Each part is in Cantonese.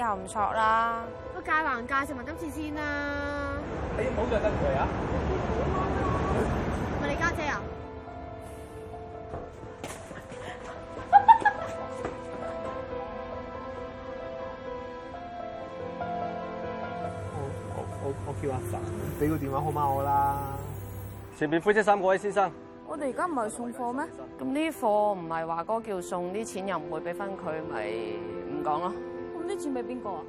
又唔錯啦，都介還介食埋今次先啦。哎、 你唔好再跟佢啊！咪你家姐啊？我我我我叫阿凡，俾個電話號碼我啦。 前面灰色衫嗰位先生，我哋而家唔係送貨咩？咁呢貨唔係華哥叫送，啲錢又唔會俾翻佢，咪唔講咯。啲錢俾邊個啊？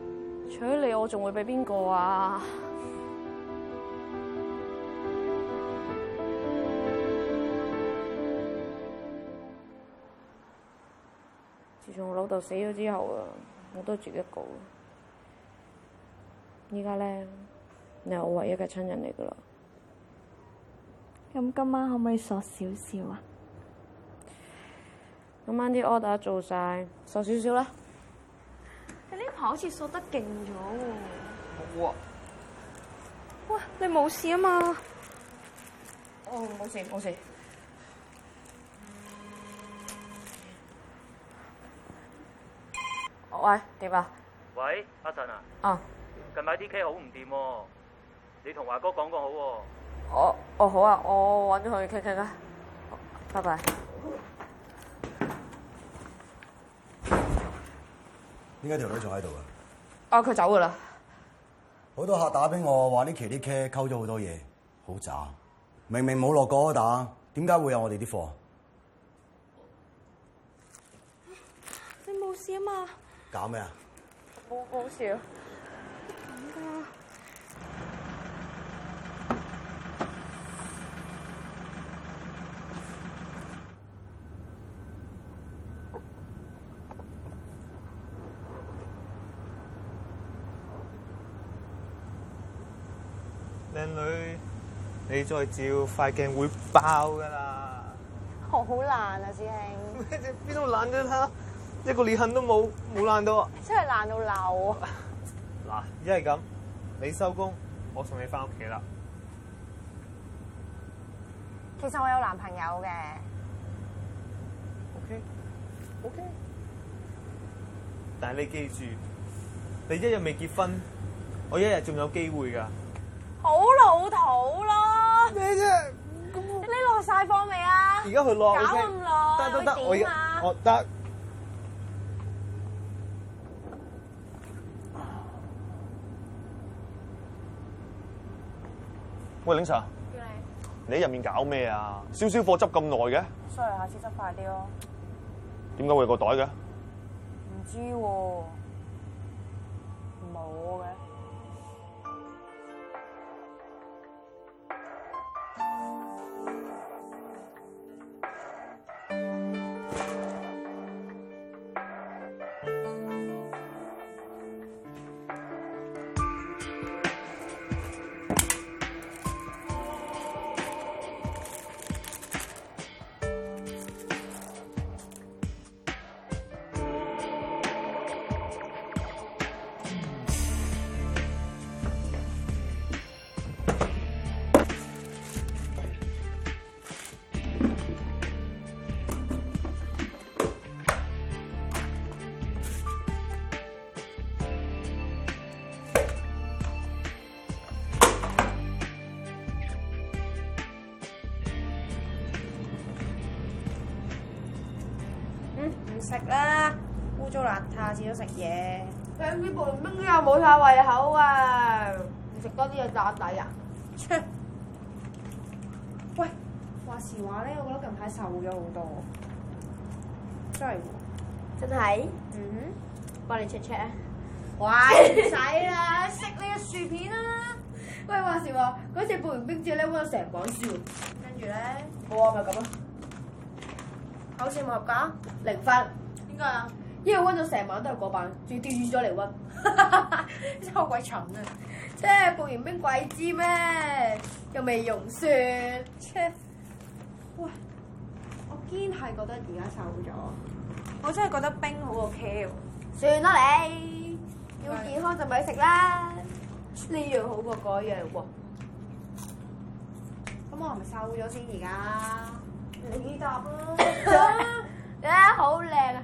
除咗你，我仲會俾邊個啊？自從我老豆死咗之後啊，我都係自己一個。依家咧，你係我唯一嘅親人嚟噶啦。咁今晚可唔可以索少少啊？今晚啲 order 做晒，索少少啦。好似縮得勁咗。冇啊！哇，你冇事啊嘛？哦，冇事冇事。事喂，點啊？喂，阿臣啊？啊。近排啲 K 好唔掂喎，你同華哥講講好喎，啊哦。哦，好啊，我揾佢傾傾啦，K K K. 拜拜。點解條女仲喺度啊？哦，佢走噶啦！好多客打俾我話呢期啲 K 溝咗好多嘢，好渣！明明冇落過打，點解會有我哋啲貨？你冇事啊嘛？搞咩啊？好好笑。你再照塊鏡會爆噶啦，好爛啊，師兄。邊度爛啫？哈，一個裂痕都冇，冇爛到。啊！ 真係爛到漏啊！嗱，一係咁，你收工，我送你翻屋企啦。其實我有男朋友嘅。O K，O K，但係你記住，你一日未結婚，我一日仲有機會噶。好老土咯～你落晒課未啊？而家佢落，搞咁耐，得得得，我我得。喂 l i n 你喺入面搞咩啊？燒燒貨執咁耐嘅？所以下次執快啲咯。點解會個袋嘅？唔知喎，冇嘅。怕胃口啊！唔食多啲嘢打底啊！切！ 喂，話時話咧，我覺得近排瘦咗好多，Sorry，真係的？嗯哼，幫你 check check 啊！喂，唔使啦，食你嘅薯片啦，啊！ 喂，話時話，嗰次報完兵之後咧，我成日講笑，跟住咧，我咪咁咯，就是，好似冇合格，零分，應該啊？因為溫咗成晚都係嗰版，仲要調轉咗嚟温， 真係好鬼蠢啊！即係僕完冰鬼知咩？又未融雪，切！喂，我堅係覺得而家瘦咗，我真係覺，覺得冰好 o k 算啦你，要健康就咪食啦。呢樣的好過嗰樣喎，咁、嗯、我係咪瘦咗先而家？你答啦，你 好靚啊！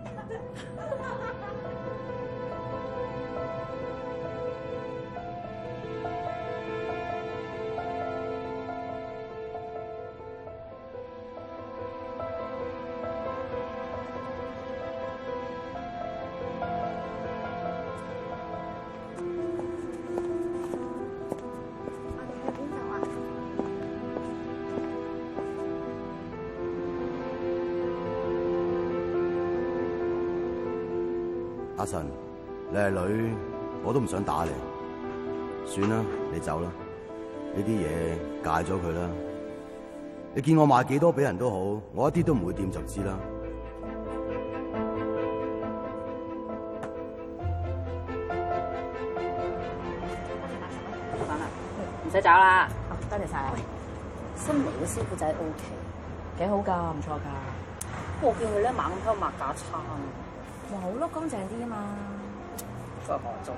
阿神，你係女，我都唔想打你，算啦，你走啦，呢啲嘢戒咗佢啦。你見我賣幾多俾人都好，我一啲都唔會掂就知啦。唔使走啦，多謝晒啊。喂新嚟嘅師傅仔 O K，幾好噶，唔錯噶。我見佢咧猛咁偷馬甲衫。好咯，乾淨啲啊嘛。得半個鐘。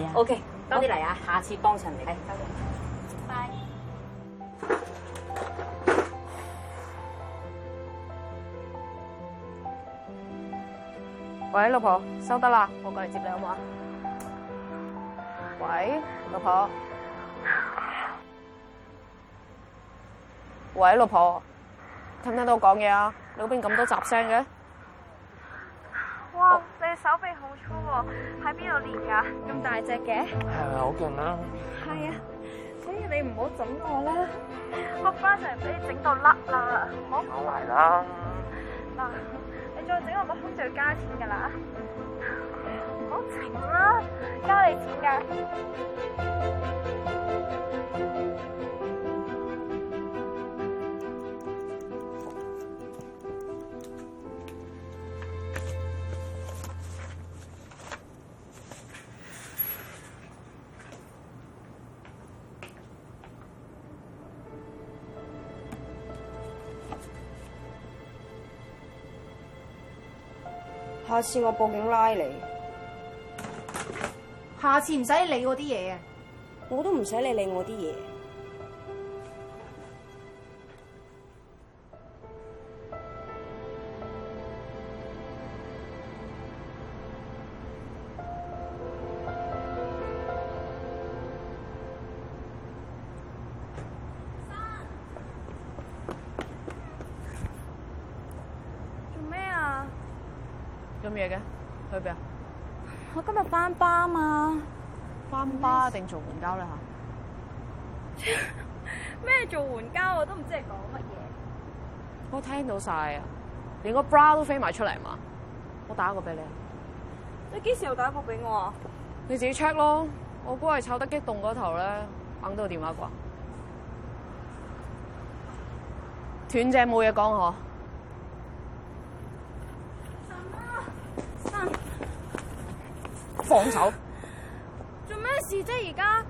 係啊。O Okay, K，Okay. 多啲嚟啊，Okay. 下次幫襯你。係，多謝。拜拜。喂，老婆，收得啦，我過嚟接你好唔好啊？喂，老婆。 喂，老婆，聽唔聽到我講嘢啊？你嗰邊咁多雜聲嘅？邊度練噶？咁大隻嘅，係咪好勁啊？係啊，所以你唔好整我啦，個花嚟俾你整到甩啦，好唔嚟啦！嗱， 你再整我個空就要加錢噶啦，唔好整啦， 加你錢噶下次我報警拉你，下次唔使理我啲嘢啊！我都唔使你理我啲嘢。做咩嘅？去邊啊？我今日翻巴嘛。翻巴定做援交咧吓？咩 做援交？我都唔知你講乜嘢。我聽到晒啊！連個 bra 都飛埋出嚟嘛？我打個俾你。你幾時又打個俾我啊？你自己 check 咯。我估係炒得激動嗰頭咧，硬到電話啩。斷正冇嘢講嗬。幫手做咩事啫，啊？而家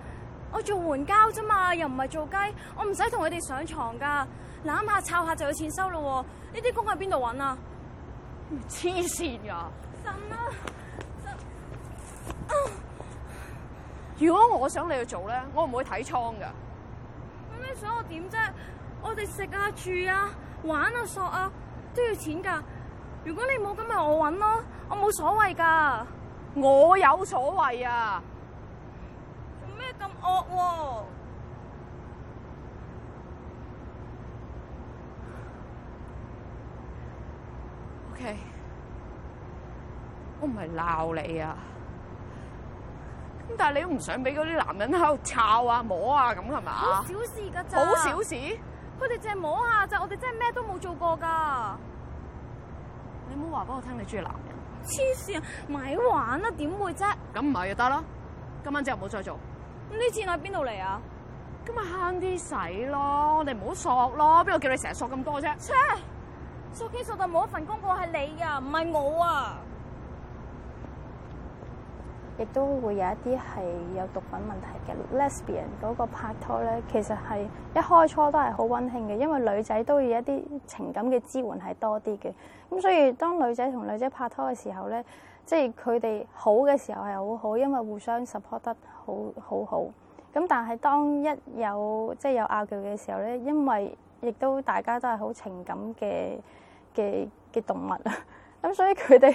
我做援交啫嘛，又唔係做雞，我唔使同佢哋上床噶攬下、抄下就有錢收咯。呢啲工喺邊度揾啊？黐線噶！神啊！神啊！如果我想你去做咧，我唔會睇倉噶。咁你想我點啫？我哋食啊、住啊、玩啊、索啊，都要錢噶。如果你冇咁，咪我揾咯，啊，我冇所謂噶。我有所謂啊，做咩咁惡喎？OK，我唔係鬧你啊，但係你都唔想俾嗰啲男人喺度摷啊摸啊咁係嘛？好小事噶咋？好小事？佢哋淨係摸下咋，我哋真係咩都冇做過噶。你唔好話俾我聽你中意男。黐線，咪玩啦，點會啫？咁唔係就得啦，今晚之後唔好再做。呢錢喺邊度嚟啊？今日慳啲使咯，你唔好索咯，邊個叫你成日索咁多啫？切，索幾索到冇一份工過係你㗎，唔係我啊！亦都會有一啲係有毒品問題嘅 lesbian 嗰個拍拖咧，其實係一開初都係好溫馨嘅，因為女仔都要有一啲情感嘅支援係多啲嘅。咁所以當女仔同女仔拍拖嘅時候咧，即係佢哋好嘅時候係好好，因為互相 support 得好好好。咁但係當一有即係、就是、有拗撬嘅時候咧，因為亦都大家都係好情感嘅嘅嘅動物啊，咁所以佢哋。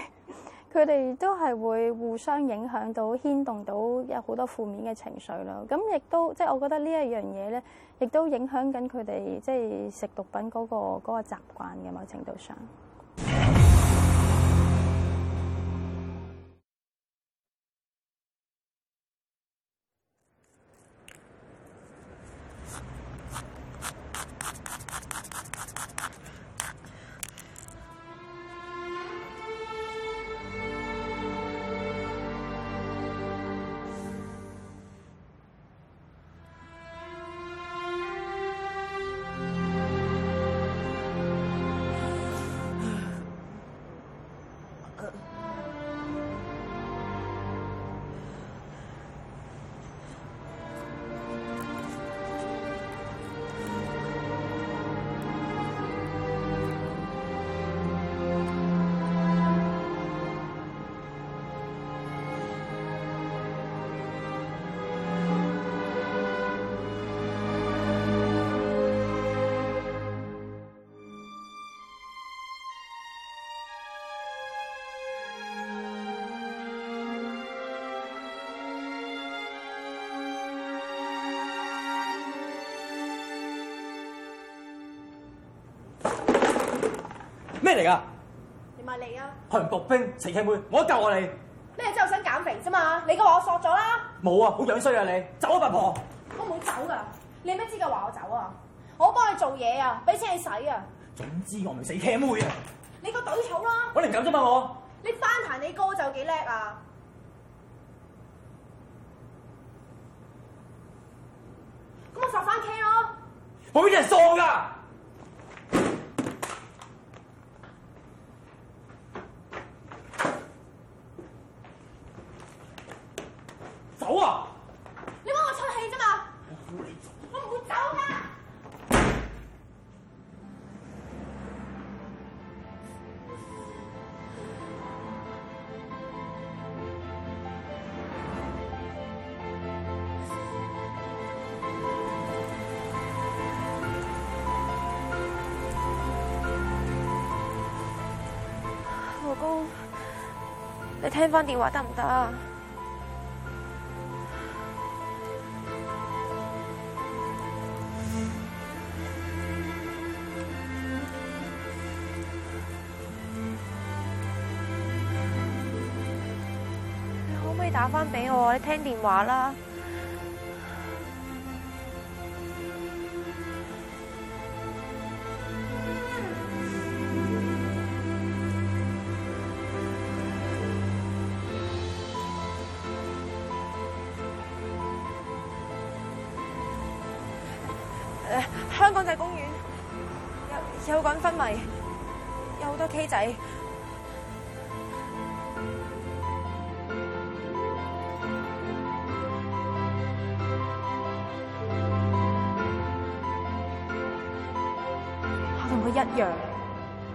佢哋都係會互相影響到、牽動到有好多負面嘅情緒啦。咁亦都即係我覺得呢一樣嘢咧，亦都影響緊佢哋即係食毒品嗰個嗰個習慣嘅某程度上。咩嚟噶？你咪你啊！佢唔服兵，死企妹，我救下你。咩真係想減肥啫嘛！你嘅話我索咗啦。冇啊，好樣衰啊你！走啊，八婆！我冇走噶、啊，你有咩資格話我走啊？我幫佢做嘢啊，俾錢你使啊。總之我唔係死企妹啊。你個對醜咯。我嚟搞啫嘛我。你翻彈你歌就幾叻啊？咁我索翻 K 咯。我呢啲人喪噶。哥，你聽翻電話得唔得啊？你可唔可以打翻俾我？你聽電話啦。香港仔公園有有個人昏迷，有好多 K 仔， 我同佢一樣，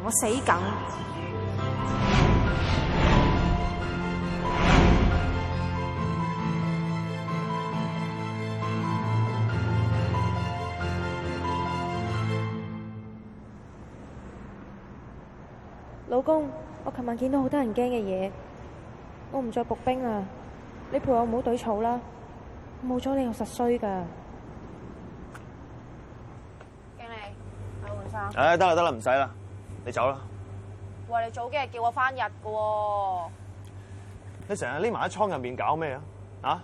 我死梗。老公，我琴晚見到好多人驚嘅嘢，我唔再僕冰啦，你陪我唔好懟草啦，冇咗你我實衰噶。經理，我換衫。哎，得啦得啦，唔使啦，你走啦。喂，你早幾日叫我翻日噶？你成日匿埋喺倉入面搞咩啊？啊？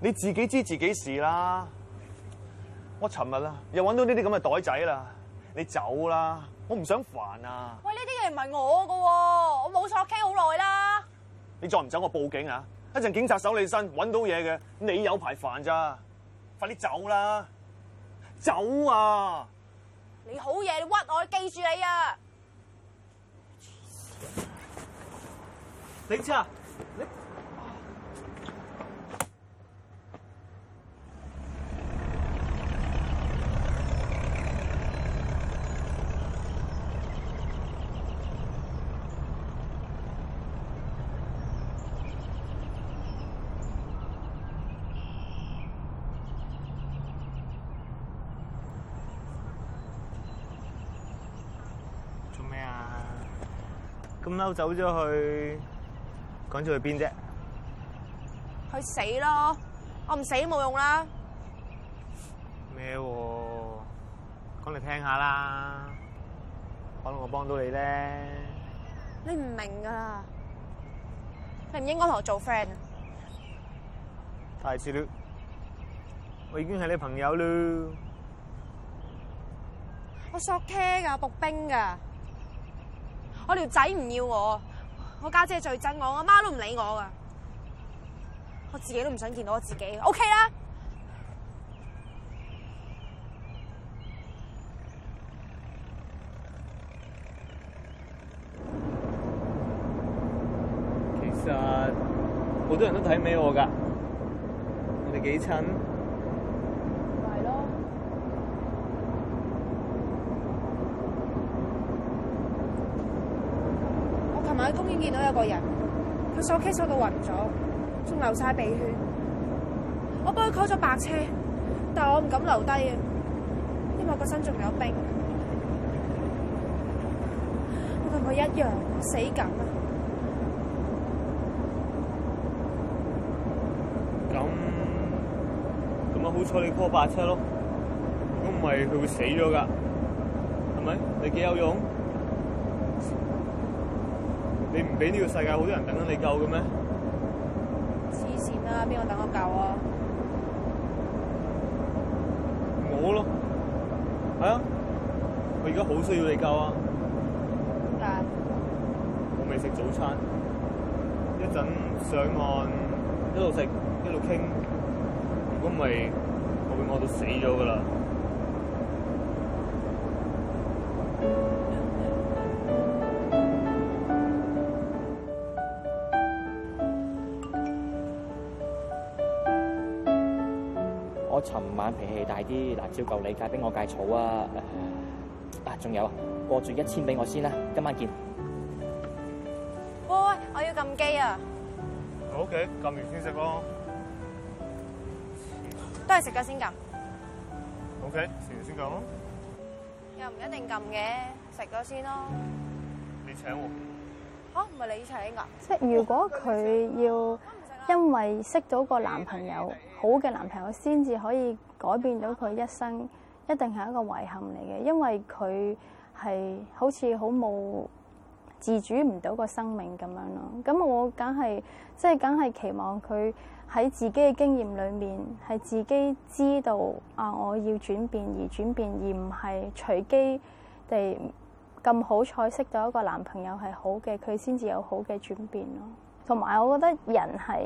你自己知自己事啦。我尋日啊，又搵到呢啲咁嘅袋仔啦，你走啦。我唔想煩啊，啊！喂，呢啲嘢唔係我噶，我冇坐 K 好耐啦。你再唔走，我報警啊！一陣警察搜你身，搵到嘢嘅，你有排煩咋！快啲走啦，啊，走啊你！你好嘢，屈我，我記住你啊！你知啊！咁嬲走咗去，趕住去邊啫？去死咯！我唔死都冇用啦。咩？講嚟聽下啦，可能我幫到你咧。你唔明噶啦，你唔應該同我做 friend。太遲了，我已經係你朋友咯。我索 K 噶，僕冰噶。我條仔唔要我，我家姐最憎我，我媽都唔理我噶，我自己都唔想見到我自己。OK 啦，其實好多人都睇唔起我噶，我哋幾親。喺公園見到有個人，佢索 K 索到暈咗，仲流晒鼻血。我幫佢 call 咗白車，但我唔敢留低啊，因為個身仲有冰。我同佢一樣，死梗啊！咁咁咪好彩你 call 白車咯，如果唔係佢會死咗噶，係咪？你幾有用？你唔俾呢個世界好多人等緊你救嘅咩？黐線啦，邊個等我救啊？我咯，係啊，我而家好需要你救啊！但係，我未食早餐，一陣上岸，一路食一路傾，如果唔係，我會餓到死咗噶啦！尋晚脾氣大啲，辣椒夠你戒，俾我戒草啊！啊，仲有啊，過住一千俾我先啦，今晚見。喂，我要撳機啊。O K，撳完先食咯。都係食咗先撳。O K，食完先撳咯。Okay，又唔一定撳嘅，食咗先咯。你請我。嚇，唔係你請啊。啊請即係如果佢要因為識咗個男朋友。好嘅男朋友先至可以改變到佢一生，一定係一個遺憾嚟嘅，因為佢係好似好冇自主唔到個生命咁樣咯。咁我梗係，即係梗係期望佢喺自己嘅經驗裏面係自己知道啊，我要轉變而轉變，而唔係隨機地咁好彩識到一個男朋友係好嘅，佢先至有好嘅轉變咯。同埋我覺得人係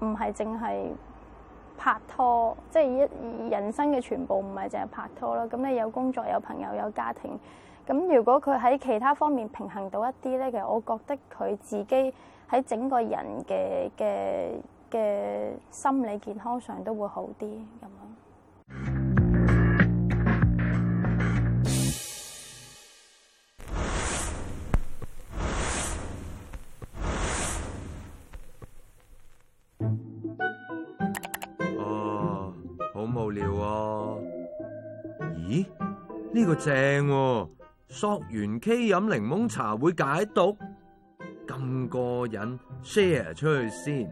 唔係淨係。拍拖即係一人生嘅全部，唔係淨係拍拖咯。咁你有工作、有朋友、有家庭。咁如果佢喺其他方面平衡到一啲咧，其實我覺得佢自己喺整個人嘅嘅嘅心理健康上都會好啲咁。咦？呢個正喎，索完 K 飲檸檬茶會解毒，咁過癮，share 出去先。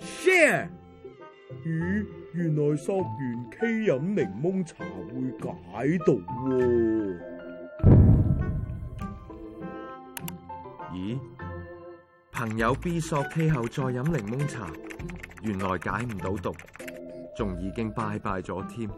share 咦？原來索完 K 飲檸檬茶會解毒喎。咦？朋友 B 索 K 後再飲檸檬茶，原來解唔到毒，仲已經拜拜咗添。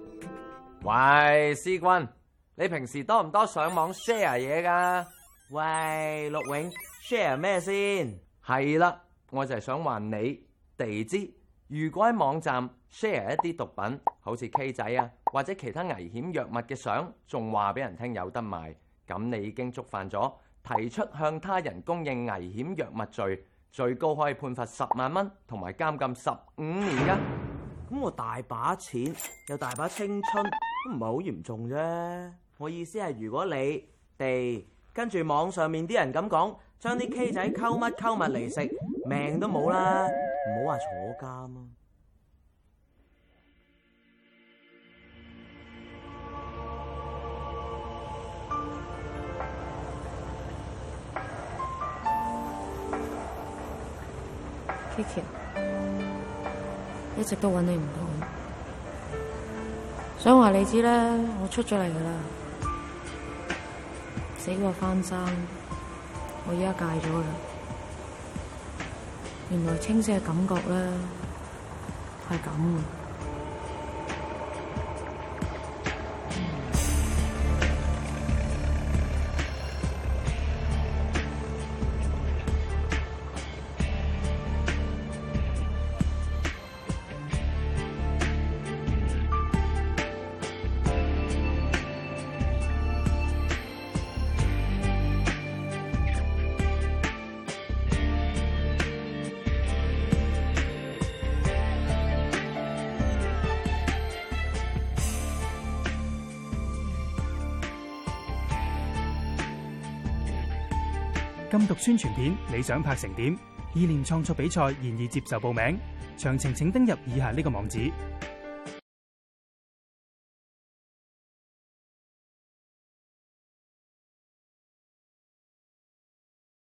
喂，思君，你平時多唔多上網 share 嘢噶？喂，陸永，share 咩先？係啦，我就係想話你哋知，如果喺網站 share 一啲毒品，好似 K 仔啊，或者其他危險藥物嘅相，仲話俾人聽有得賣，咁你已經觸犯咗提出向他人供應危險藥物罪，最高可以判罰十萬蚊同埋監禁十五年噶。咁我大把錢，又大把青春。都唔係好嚴重啫，我意思係如果你哋跟住網上面啲人咁講，將啲 K 仔溝乜溝乜嚟食，命都冇啦，唔好話坐監啊！Kiki，一直都揾你唔到。想話你知啦，我出咗嚟噶啦，死過翻生，我而家戒咗啦，原來清醒嘅感覺咧係咁嘅。禁毒宣傳片你想拍成點？意念創作比賽現已接受報名，詳情請登入以下呢個網址。